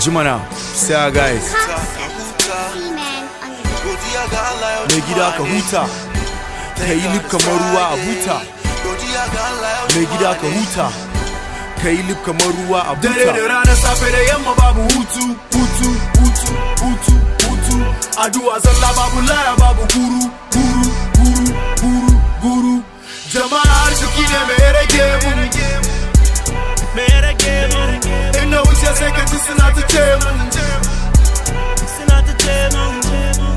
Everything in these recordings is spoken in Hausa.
jimana sai guys Megida gida ka huta ka yi lif kamar ruwa a huta mai gida ka huta ka yi kamar ruwa a huta dare da ranar safe da yamma babu hutu hutu hutu hutu hutu addu'a zalla babu laya babu guru guru Listen out the table. Listen out the table.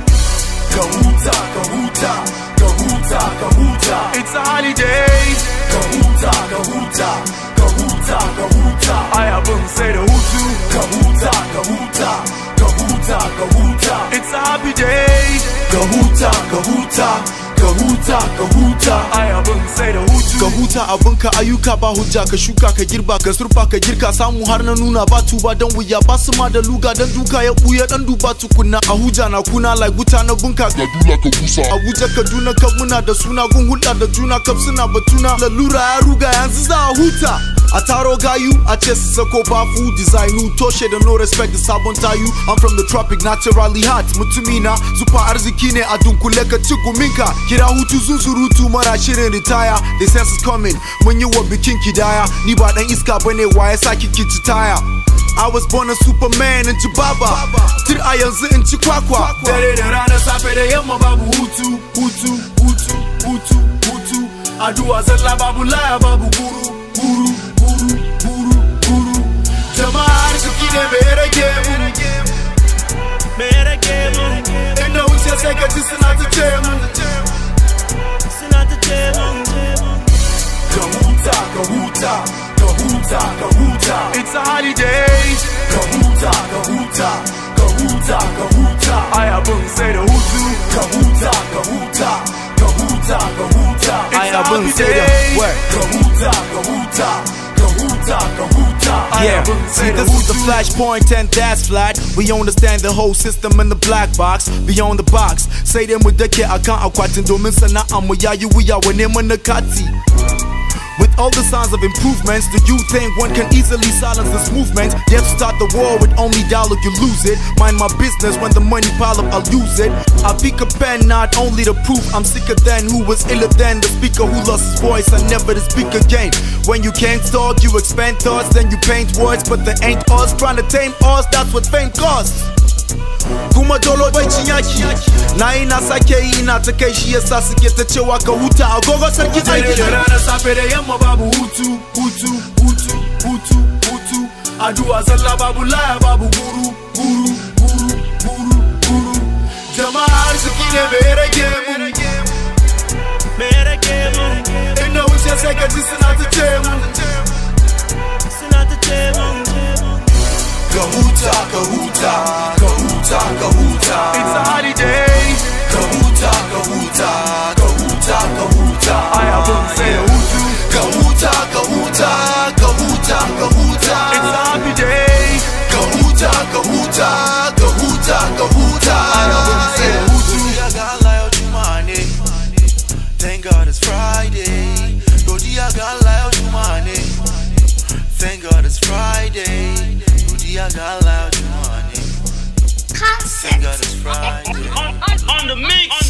Kahuta, kahuta, kahuta, kahuta. It's a holiday. Kahuta, kahuta, kahuta, kahuta. I haven't said a hutu. Kahuta, kahuta, kahuta, kahuta. It's a happy day. Kahuta, kahuta. ka huta ka huta ai abin sai da hutu ka huta abin ka ayyuka ba hujja ka shuka ka girba ka surfa ka girka samu har na nuna ba tuba dan wuya ba su ma da luga dan duka ya buya dan duba tukunna a hujja na kuna la guta na bunka ga dula ka kusa abuja kaduna ka muna da suna gun hulda da juna kaf suna batuna lalura ya ruga yanzu za a huta a taro gayu a ce su sako bafu designu toshe da no respect da sabon tayu i'm from the tropic naturally hot mutumina zufa arziki ne a dunkule ka ci guminka kira hutu surutu mara shirin ritaya the sense is coming mun yi wa bikin kidaya ni ba dan iska bane wa ya sa kiki taya I was born a superman in Jibaba Tir a yanzu in ci kwakwa Dare da rana safe da yamma babu hutu Hutu, hutu, hutu, hutu zalla babu laya babu guru Kahuta, Kahuta, Kahuta. It's a holiday. Kahuta, Kahuta, Kahuta, Kahuta. I have been said a Hutu. Kahuta, Kahuta, Kahuta, Kahuta. I have been said a word. Kahuta, Kahuta, Kahuta, Kahuta. Yeah, see this is the flashpoint and that's flat We understand the whole system in the black box Beyond the box Say them with the kid I can't acquaint Domin sana amu ya you we are when him on the cutie with all the signs of improvements, do you think one can easily silence this movement? Yet start the war with only dialogue, you lose it. Mind my business when the money pile up, I'll use it. I pick a pen not only to prove I'm sicker than who was iller than the speaker who lost his voice and never to speak again. When you can't talk, you expand thoughts, then you paint words, but they ain't us. Trying to tame us, that's what fame costs. kuma dolo bai yaki na yi na sake yi ina ta kai shi yasa suke ta cewa ka huta agogo sarki aiki da rana safe da yamma babu hutu hutu hutu hutu hutu addu'a zalla babu laya babu guru guru guru guru guru jama'a arziki ne mai rage mu mai rage mu inda wuce sai ka ji suna ta ce mu suna ta ce mu ka huta ka huta Kahuta, kahuta, kahuta, kahuta Gala yo jumane Thank God it's Friday Rodia gala yo Thank God it's Friday Thank God it's Friday On the mix